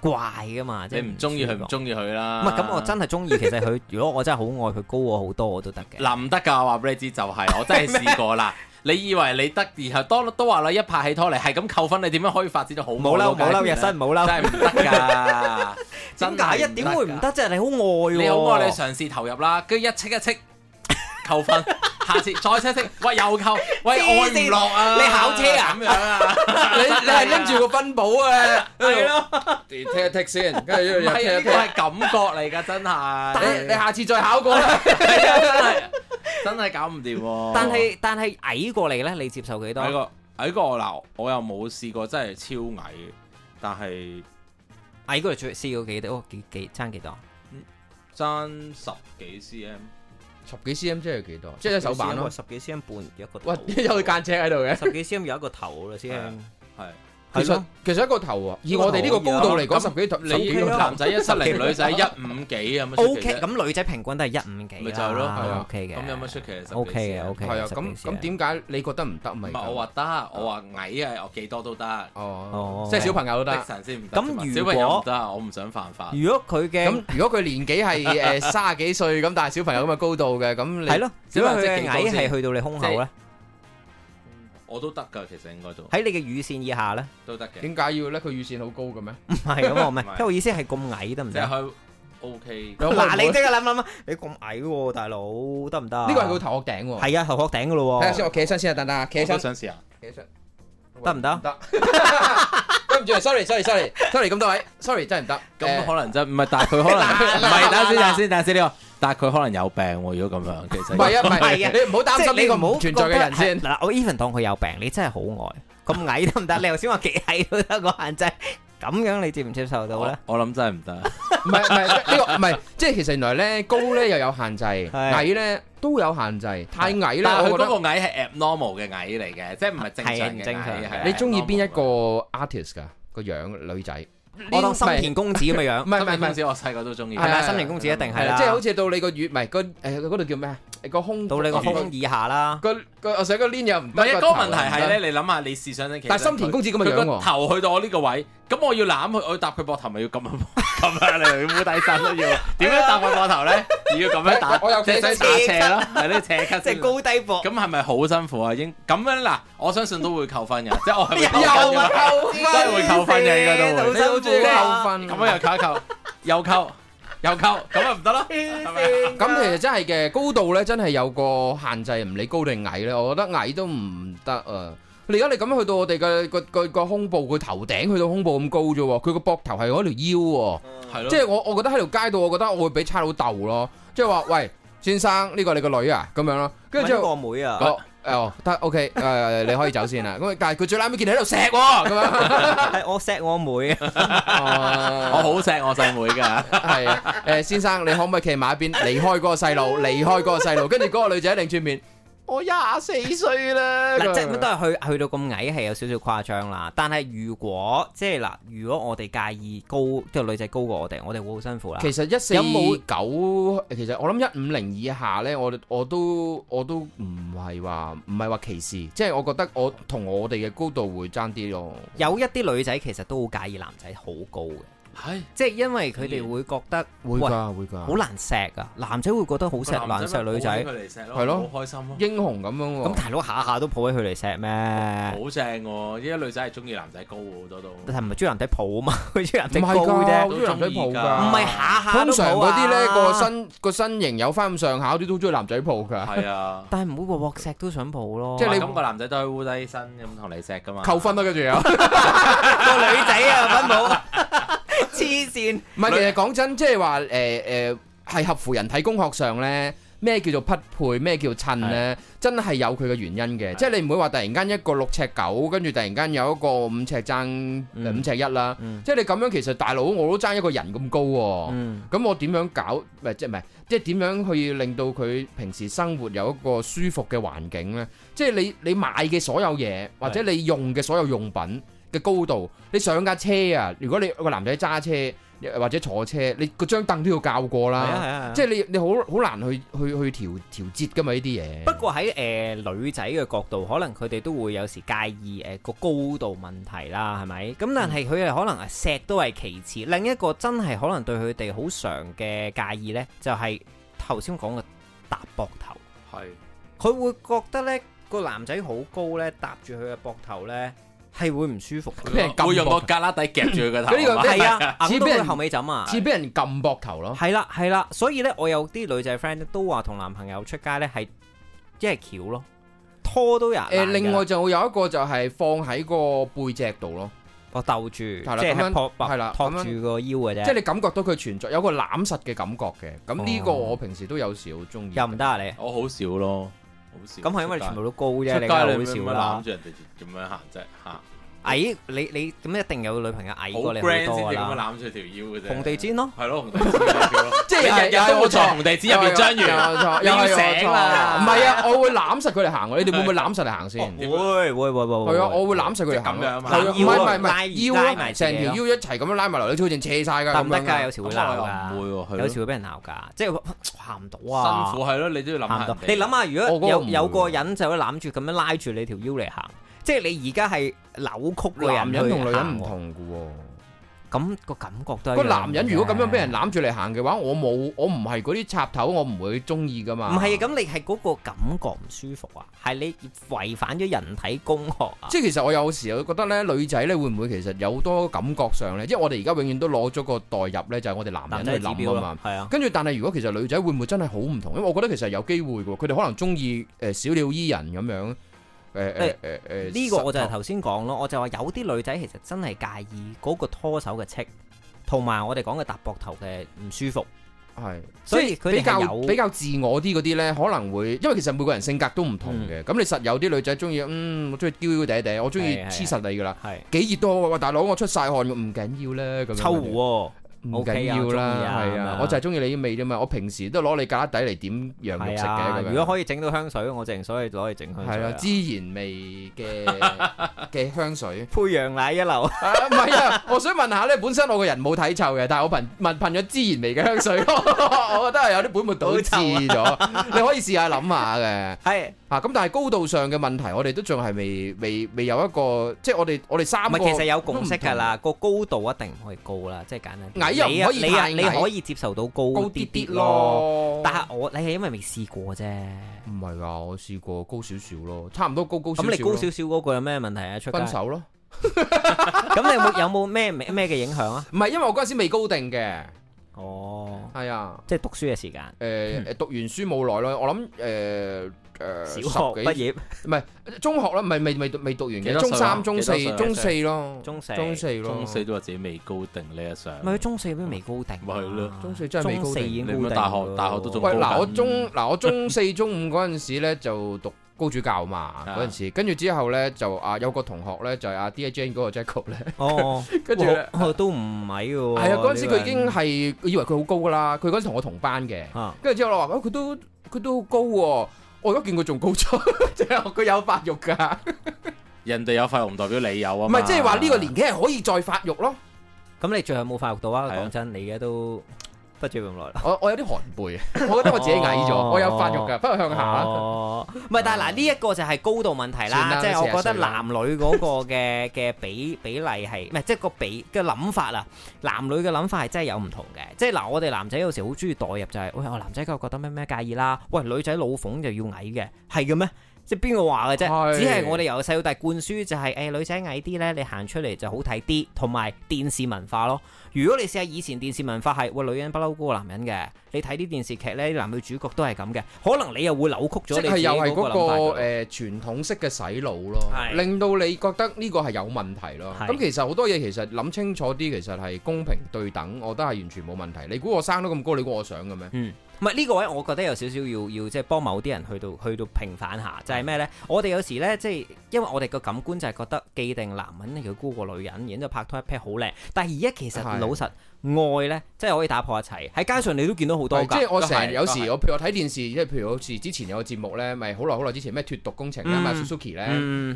怪噶嘛？即係你唔中意佢，唔中意佢啦。咁我真係中意，其實佢如果我真係好愛佢，高我好多，我都得嘅。嗱唔得噶，我話俾你知就係，我真係試過啦。你以為你得，然後都都話啦，一拍起拖嚟係咁扣分，你點樣可以發展到好？冇啦冇啦，日新冇啦，真係唔得噶。點解？一點會唔得啫？你好愛，你好愛，你嘗試投入啦，跟住一戚一戚扣分。下次再車識喂又扣喂開唔落啊！你考車啊咁樣啊！你你係拎住個分寶啊！係咯，電車踢先，跟住又車踢。都係感覺嚟㗎，真係。你你下次再考過啦，係啊！真係真係搞唔掂喎。但係但係矮過嚟咧，你接受幾多？矮過矮過嗱，我又冇試過真係超矮，但係矮過最試過幾多？幾幾爭幾多？爭十幾 cm。十幾 CM 即係幾多？多 M，即係一手板咯。十幾 CM 半一個。哇！又會間尺喺度嘅。十幾 CM 有一個頭㗎啦先係。其實其實一個頭喎，以我哋呢個高度嚟講，十幾頭，你男仔一七零，女仔一五幾咁樣。O K，咁女仔平均都係一五幾。咪就係咯，O K 嘅。咁有乜出奇啊？O K 嘅，O K 嘅。係啊，咁咁點解你覺得唔得？唔係我話得，我話矮啊，我幾多都得。哦哦，即係小朋友都得。神仙唔得。小朋友唔得，我唔想犯法。如果佢嘅，如果佢年紀係誒三十幾歲咁，但係小朋友咁嘅高度嘅，咁你如果佢矮係去到你胸口咧？我都得噶，其實應該都。喺你嘅乳線以下咧，都得嘅。點解要咧？佢乳線好高嘅咩？唔係噉，唔係即我意思係咁矮得唔得？即係 O K。嗱，你即刻諗諗啊！你咁矮喎，大佬得唔得？呢個係佢頭殼頂喎。係啊，頭殼頂嘅咯。睇下先，我企起身先啊，等等啊，企起身。我想試啊？企起身得唔得？得，跟住，sorry，sorry，sorry，sorry，咁多位，sorry，真係唔得。咁可能真係，唔係，但係佢可能唔係。等先，等先，等先，你啊。但係佢可能有病喎，如果咁樣其實唔係啊，唔係啊，你唔好擔心呢個唔存在嘅人先。嗱，我 even 當佢有病，你真係好愛咁矮得唔得？你頭先話幾矮都得，個限制咁樣你接唔接受到咧？我諗真係唔得。唔係唔係呢個唔係，即係其實原來咧高咧又有限制，矮咧都有限制，太矮咧。我覺得嗰個矮係 abnormal 嘅矮嚟嘅，即係唔係正常嘅矮。你中意邊一個 artist 㗎？個樣女仔。我當心田公子咁嘅樣，心 田公子我細個都中意，係啦， 心田公子一定係啦。即係好似到你個月，唔係個誒，嗰度叫咩？個胸到你個胸以下啦。個是個我想個鏈又唔，嗱，一個問題係咧，你諗下，你試想咧其實，但係心田公子咁樣個頭去到我呢個位，咁我要攬佢，我要搭佢膊頭咪要咁咁啊？你冇底衫都要，點樣搭佢膊頭咧？ 要咁樣打，我斜斜打斜咯，係咯斜級，即係高低步。咁係咪好辛苦啊？已經咁樣嗱，我相信都會扣分嘅，即係我係好緊要，真係會扣分嘅，應該都會。你好似中意扣分，咁樣又扣，一扣，又扣，又扣，咁咪唔得咯？係咪？咁其實真係嘅高度咧，真係有個限制，唔理高定矮咧，我覺得矮都唔得啊。你而家你咁樣去到我哋嘅個個個胸部，佢頭頂去到胸部咁高啫喎，佢個膊頭係嗰條腰喎、啊，嗯、即係我我覺得喺條街度，我覺得我會俾差佬鬥咯，即係話喂先生呢個你個女啊咁樣咯，跟住之後我妹啊，哦得 OK，誒你可以先走先啦，咁 但係佢最撚尾見你喺度錫喎，咁樣係 我錫我妹，啊。 Uh, 我好錫我細妹噶，係 啊、 欸，先生你可唔可以企埋一邊離開嗰個細路，離開嗰個細路，跟住嗰個女仔轉面。我廿四歲啦，嗱， 即係都係去去到咁矮係有少少誇張啦。但係如果即係嗱，如果我哋介意高，即係女仔高過我哋，我哋會好辛苦啦。其實一四九，其實我諗一五零以下呢，我我都我都唔係話唔係話歧視，即係我覺得我同我哋嘅高度會差啲咯。有一啲女仔其實都好介意男仔好高嘅。係，即係因為佢哋會覺得，會噶，會噶，好難錫啊！男仔會覺得好錫，難錫女仔，係咯，好開心咯，英雄咁樣喎。咁大佬下下都抱起佢嚟錫咩？好正喎，依家女仔係中意男仔高好多都。但係唔係中意男仔抱啊嘛？佢中意男仔高啫，都中意男仔抱噶。唔係下下都好啊。通常嗰啲咧個身個身形有翻咁上下，啲都中意男仔抱噶。係啊，但係唔會鑊鑊錫都想抱咯。即係你個男仔都係烏低身咁同你錫噶嘛？扣分啦，跟住有個女仔啊，分冇。黐線，唔係其實講真，即係話誒誒係合乎人體工學上咧，咩叫做匹配，咩叫襯咧，是的 真係有佢嘅原因嘅。是的 即係你唔會話突然間一個六尺九，跟住突然間有一個五尺爭、嗯、五尺一啦。嗯、即係你咁樣其實大佬我都爭一個人咁高喎、哦。咁、嗯、我點樣搞？唔係即係唔係即係點樣去令到佢平時生活有一個舒服嘅環境咧？即係你你買嘅所有嘢，或者你用嘅所有用品，嘅高度，你上架車啊！如果你個男仔揸車或者坐車，你個張凳都要較過啦，啊啊啊、即係你你好好難去去去調調節噶嘛呢啲嘢。不過喺誒、呃、女仔嘅角度，可能佢哋都會有時介意誒個、呃、高度問題啦，係咪？咁但係佢哋可能啊，錫都係其次。另一個真係可能對佢哋好常嘅介意呢，就係頭先講嘅搭膊頭。係佢會覺得呢個男仔好高呢，搭住佢嘅膊頭呢。係會唔舒服，俾人用個隔拉底夾住個頭，係啊，似俾人後尾枕啊，似俾人撳膊頭咯。係啦係啦，所以咧，我有啲女仔 friend 都話同男朋友出街咧係，即係巧咯，拖都入。誒，另外就有一個就係放喺個背脊度咯，個逗住，即係托，係啦，托住個腰嘅啫。即係你感覺到佢存在，有個攬實嘅感覺嘅。咁呢個我平時都有時好中意。又唔得啊你？我好少咯。咁係 因為全部都高啫，出街你而家好笑啦。諗住人哋點樣行啫，啊，嚇！矮你，你咁一定有女朋友矮過你多啦。紅地氈咯，係咯紅地氈，即係日日都冇坐紅地氈入面章魚。有錯，有錯，唔係啊！我會攬實佢哋行，你哋會唔會攬實嚟行先？唔會，唔會，唔會。係啊，我會攬實佢嚟行。咁樣啊，唔係唔係唔係，腰咯，成條腰一齊咁樣拉埋嚟，你好似好似斜曬㗎。得唔得㗎？有時會鬧㗎，有時會俾人鬧㗎。即係行唔到啊！辛苦係咯，你都要諗下。你諗下，如果有有個人就攬住咁樣拉住你條腰嚟行，即係你而家係。扭曲男人同女人唔同嘅喎，咁個感覺都係個男人如果咁樣俾人攬住嚟行嘅話，我冇我唔係嗰啲插頭，我唔會中意噶嘛。唔係啊，咁你係嗰個感覺唔舒服啊，係你違反咗人體工學啊。即係其實我有時我覺得咧，女仔咧會唔會其實有多感覺上咧，即係我哋而家永遠都攞咗個代入咧，就係、是、我哋男人喺度諗啊嘛，係啊。跟住但係如果其實女仔會唔會真係好唔同？因為我覺得其實有機會嘅，佢哋可能中意誒小鳥依人咁樣。誒誒誒誒，呢、呃呃呃呃、個我就係頭先講咯，扣我就話有啲女仔其實真係介意嗰個拖手嘅戚，同埋我哋講嘅搭膊頭嘅唔舒服，係是，所以係比較比較自我啲嗰啲咧，可能會，因為其實每個人性格都唔同嘅，咁、嗯、你實有啲女仔中意，嗯，我中意嬌嬌嗲嗲，我中意黐實你噶啦，係，幾熱都好，大、哎、佬我出晒汗，唔緊要啦，咁樣，抽湖冇緊要啦，係啊，我就係中意你啲味啫嘛。我平時都攞你芥粒底嚟點羊肉食嘅。如果可以整到香水，我淨所以攞嚟整香水。係啦，孜然味嘅嘅香水，配羊奶一流。唔係啊，我想問下咧，本身我個人冇體臭嘅，但係我噴噴噴咗孜然味嘅香水，我覺得係有啲本末倒置咗。你可以試下諗下嘅。係啊，咁但係高度上嘅問題，我哋都仲係未未未有一個，即係我哋我哋三個。唔係，其實有共識㗎啦，個高度一定唔可以高啦，即係簡單矮。你啊，你啊可以你可以接受到高啲啲咯，但係我你係因為未試過啫，唔係啊，我試過高少少咯，差唔多高高少少。咁你高少少嗰個有咩問題啊？分手咯。咁 你有冇有冇咩咩嘅影響啊？唔係，因為我嗰陣時未高定嘅。哦，係啊，即係讀書嘅時間，誒誒，讀完書冇耐咯，我諗誒誒，小學畢業，唔係中學啦，唔係未未讀未讀完嘅，中三、中四、中四咯，中四、中四咯，中四都話自己未高定呢一上，唔係中四都未高定，唔係咯，中四真係未高定，你乜大學大學都做。嗱，我中嗱我中四、中五嗰陣時咧就讀，高主教嘛嗰陣時，啊、跟住之後咧就啊有個同學咧就係阿 Dear Jane 嗰個 Jackal 咧，哦哦跟住著都唔係嘅，係啊嗰陣時佢已經係，嗯、以為佢好高噶啦，佢嗰陣時同我同班嘅，啊、跟住之後我話，佢、啊、都佢都好高，我而家見佢仲高咗，即係佢有發育噶， 人哋有發育唔代表你有啊，唔係即係話呢個年紀係可以再發育咯，咁你最後有冇發育到啊？講真，你而家都。不至於咁耐，我我有啲寒背啊！ 我覺得我自己矮咗，哦、我有發育噶，不過向下。哦，唔係，但係嗱，呢一、哦、個就係高度問題啦。即係了我覺得男女嗰個嘅嘅比比例係，唔係即係個比嘅諗法啊。男女嘅諗法係真係有唔同嘅。即係嗱，我哋男仔有時好中意代入就係、是，喂，我男仔佢覺得咩咩介意啦？喂，女仔老馮就要矮嘅，係嘅咩？即係邊個話嘅啫，是的 只係我哋由細到大灌輸就係、是，誒、哎、女仔矮啲呢，你行出嚟就好睇啲，同埋電視文化咯。如果你試下以前電視文化係，哇、呃、女人不嬲高過男人嘅，你睇啲電視劇呢，男女主角都係咁嘅，可能你又會扭曲咗你自是又係嗰、那個誒傳、那個呃、統式嘅洗腦咯，是的 令到你覺得呢個係有問題咯。咁是的 其實好多嘢其實諗清楚啲，其實係公平對等，我覺得係完全冇問題。你估我生得咁高，你估我想嘅咩？嗯。唔係，呢個位，我覺得有少少要要即係幫某啲人去到去到平反下，就係咩咧？我哋有時咧，即係因為我哋個感官就係覺得既定男人你要高過女人，然之後拍拖一 pair 好靚。但係而家其實老實對愛咧，即係可以打破一切，喺街上，你都見到好多㗎。即係我成日是有時我譬如睇電視，即係譬如好似之前有個節目咧，咪好耐好耐之前咩脫毒工程、嗯、啊嘛，Suki 咧，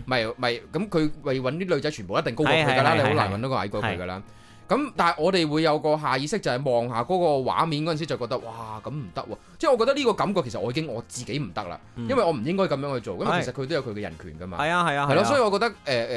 咪咪咁佢咪搵啲女仔全部一定高過佢㗎啦，你好難揾到個矮過佢㗎啦。對咁但係我哋會有個下意識，就係望下嗰個畫面嗰陣時就覺得哇，咁唔得喎！即係我覺得呢個感覺其實我已經我自己唔得啦，因為我唔應該咁樣去做。咁其實佢都有佢嘅人權㗎嘛。係啊係啊係咯，所以我覺得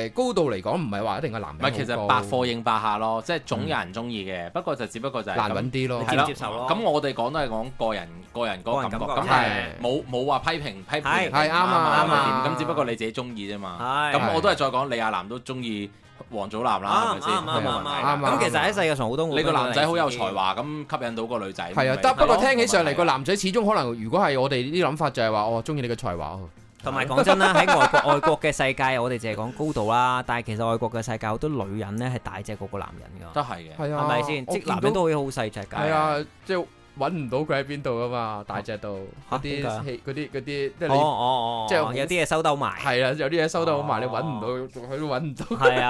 誒誒高度嚟講唔係話一定係男嘅，其實百貨應百客咯，即係總有人中意嘅。不過就只不過就難揾啲咯，係咯，你接唔接受咯。咁我哋講都係講個人個人嗰個感覺，咁係冇冇話批評批評。係啱啊啱啊！咁只不過你自己中意啫嘛。係。咁我都係再講李亞男都中意。王祖藍啦，係咪先？啱啱啱啱，咁其實喺世界上好多個。你個男仔好有才華，咁吸引到個女仔。係啊，得不過聽起上嚟個男仔始終可能，如果係我哋呢啲諗法，就係話我中意你嘅才華。同埋講真啦，喺外國外國嘅世界，我哋淨係講高度啦，但係其實外國嘅世界好多女人咧係大隻過個男人㗎。都係嘅，係咪先？即男人都可以好細隻㗎。係啊，即係。揾唔到佢喺邊度噶嘛？大隻度嗰啲，嗰啲嗰啲，即係你，即係有啲嘢收兜埋。係啊，有啲嘢收得好埋，你揾唔到，佢揾唔到。係啊，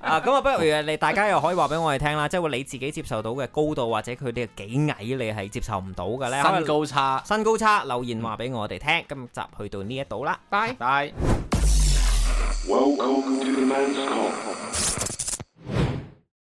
啊咁啊，不如你大家又可以話俾我哋聽啦，即係你自己接受到嘅高度，或者佢哋嘅幾矮，你係接受唔到嘅咧？身高差，身高差，留言話俾我哋聽。今集去到呢一度啦，拜拜。